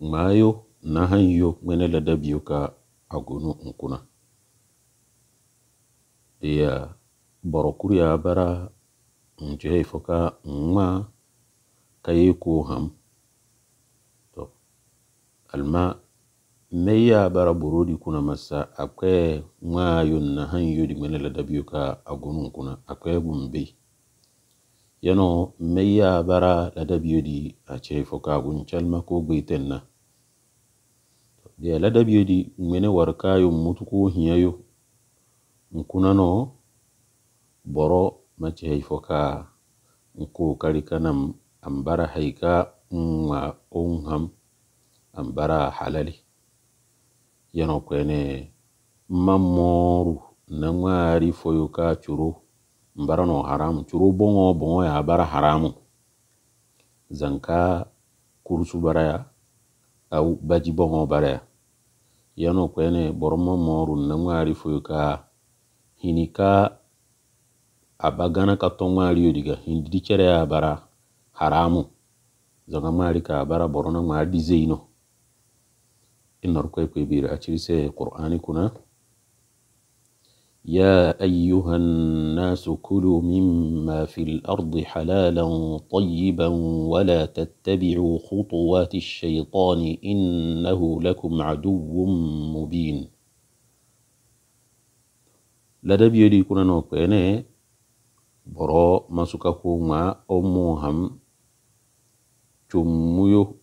mayo na hanyo mene la dabio ka agonu nkuna ya borokuru ya bara nje ifoka nma kaye ko ham to alma mai ya bara burodi kuna masa akwai mayo na hanyo di mene la dabio ka agonu nkuna akwai gumbe yano mai ya bara la dabio di a ce ka agun chalma ko gwitin na Diela dabyo di ŋmene warkayo mutuku hiyayo nkunano boro ka haifoka nku karikanam ambara haika umma unham ambara halali yano kwene mamoru nangwari foyoka churu no haram churu bongo bongo ya bara haramu zanka kursu baraya au baji bongo baraya. yano kwene boromo moru na ŋmaari fuyuka ka hini ka aba gana ka diga hindi ya bara haramu zanga ŋmaari ka bara borona ŋmaari di zeino inor kwekwe bira aciri kuna يا ايها الناس كلوا مما في الارض حلالا طيبا ولا تتبعوا خطوات الشيطان انه لكم عدو مبين لدى بيدي كنا نوكينا برو ما سكاكوما اموهم تموه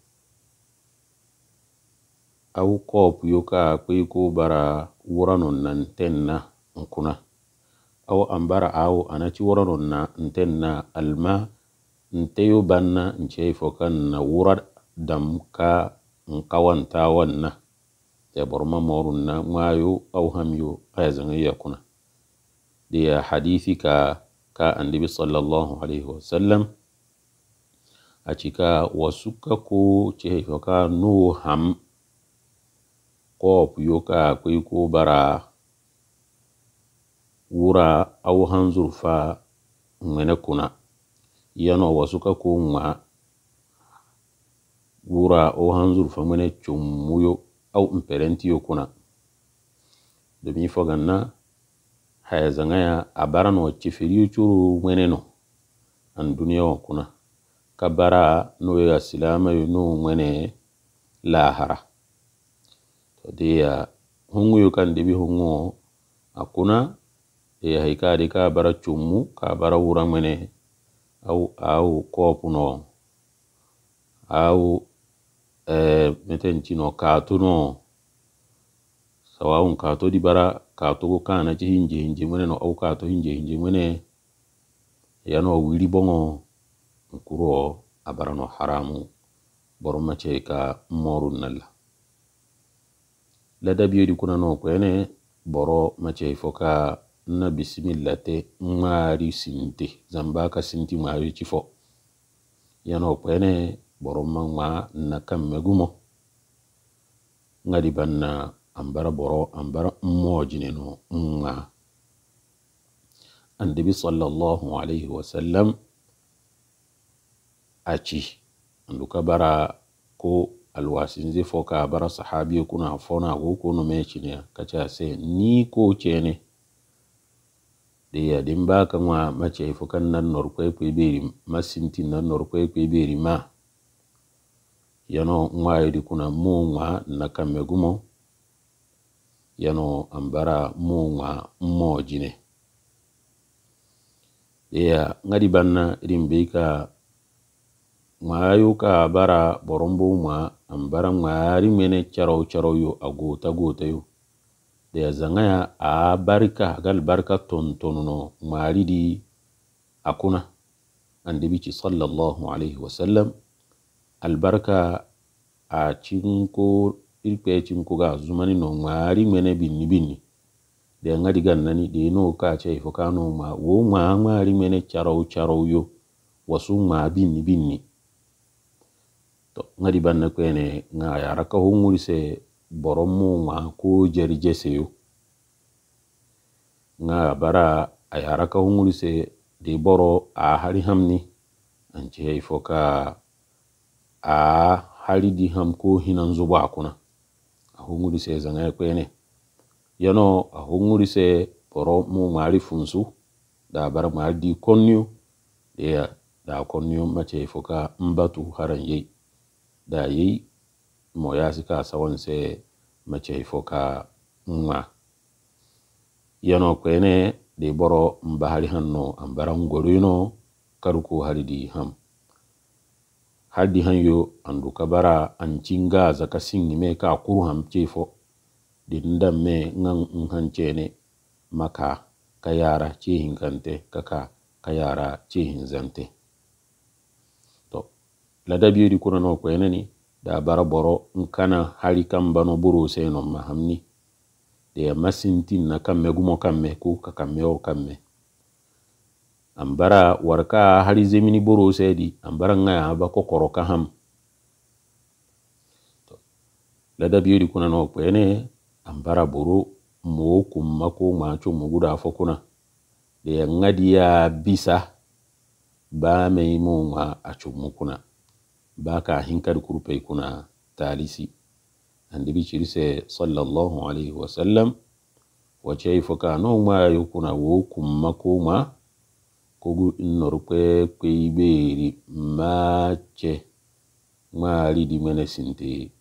او كوب يوكا كيكو برا ورانو نانتنه nkuna aw ambara aw anati wororonna na alma nteyo banna nchei na wura damka ka wanna te borma na mwayo au hamyo aya ya kuna. diya hadithi ka ka andibi sallallahu alaihi wasallam acika wasuka ko chei foka nu ham kopuyo ka kwei ko bara wura au hanzur fa kuna yano ka ko ŋma wura au hanzur fa cummuyo au yo kuna domin fo na haya zaŋaya a bara no ceferiyo coro mene no an duniya wa kuna ka bara no ye no mene lahara to deya honŋuyo kan debi honŋo a kuna E yahi kadi ka bara cummu ka bara wura mene au au kopu no au eh, meten cino katu no sawawun kato di bara katogo kana ci hinje hinje mene no au kato hinje hinje mene yano wili bongo nkuro abara no haramu boroma ce ka morun nalla ladabiyo di kuna no kwene boro mace foka na bisimila te ŋmaari sinti zambaka ka sinti ŋmaari ci fo yana kpene boroma ŋma na kan megumo ŋadi banna ambara boro ambara mmojineno ŋma annabi sallallahu alaihi sallam aci anduka bara ko alwasinzi fo ka bara sahabiyo kuna fona ko kono mecineya kaca se ni ko cene ya din ba kan wa mace ifu kan nan norkwai kwai beri masinti nan norkwai kwai beri ma yano nwa iri kuna mu nwa na kan megumo yano ambara mu nwa mmo jine ya ngadi banna irin bai ka mayu ka bara borombo nwa ambara nwa ari mene charo charo yo agota gota yo, agu, tagu, tagu, tagu, tagu. de a zaŋaya a barika hagal barika tontonno ŋmaari di a kuna annabici sallallahu alaihi wasallam albarika a cinko irkpe cinko ga zumani no ŋmaari ŋmene binni binni de a ŋadi gan nani de no kace ifo kano wo ŋma ŋmaari ŋmene carau carau yo wasu ŋma binni binni ŋadi banna kwene ŋa yarakahu ŋurise borom mu ŋmaa koo jɛri jɛsɛyo ŋa bara a yaraka hunguri se de boro a hari hamni an hey fo a hari di ham ko hinan zubo akuna a hunguri se zaŋa kwene yano a hunguri se boro mu ŋmaari funsu da bara ŋmaari di konnyu, deya da konnyu mace hey fo mbatu haran yei da yei mo yasi ka sawon se macehi fo ka ŋma yano kwene de boro mba hali hanno ambara ngoruino karu ko hali di ham hali di hanyo andu kabara anchinga za kasingi me ka kuru ham chifo di ndamme ngang nghanchene maka kayara chihin kante kaka kayara chihin zante to la dabiyo di kuna no kwene ni daa bara bɔrɔ n hali ka m-bano bɔrɔ mahamni de masinti na kamme gumo kamme ku ka o kamme ambara warka hali zemini bɔrɔ o sɛdi ambara ŋaya aba kɔkɔrɔ ka ham ladabiyo di kuna na okpene ambara buru moo kumma ko ŋmaco mugu daa fɔ kuna deya ŋa diya bisa ba imu ŋma a cummu kuna baka hinkadi kurpey kuna talisi andibi cirise sallallahu alaihi wasallam wacei foka no mayo kuna wo kumma kuma kogu inorkwe kweiberi mace mari dimene sinte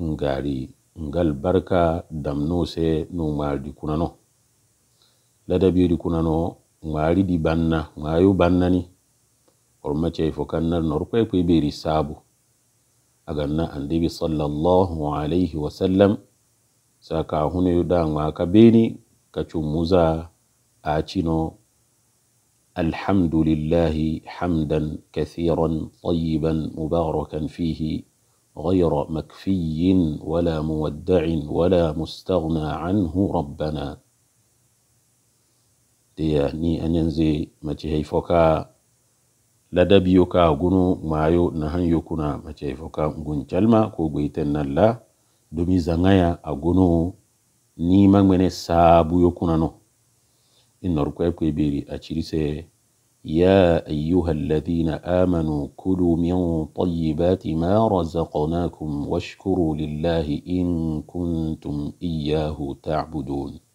ngari ngal barka damnose no mardi kuna no ladabiri kuna no mari di banna mayo banna ni ورمتي فكان نرقى بيري سابو أغنى أن صلى الله عليه وسلم ساكا هنا يدان وكبيني كتموزا آتشينو الحمد لله حمدا كثيرا طيبا مباركا فيه غير مكفي ولا مودع ولا مستغنى عنه ربنا دي ني ما متي فوكا ladabiyo ka gunu mayo na hanyo kuna mace foka ngun chalma ko goiten nalla domi zangaya a gunu ni magmene sabu yo kuna no inor ko ko beri a cirise يا أيها الذين آمنوا كلوا من طيبات ما رزقناكم واشكروا لله إن كنتم إياه تعبدون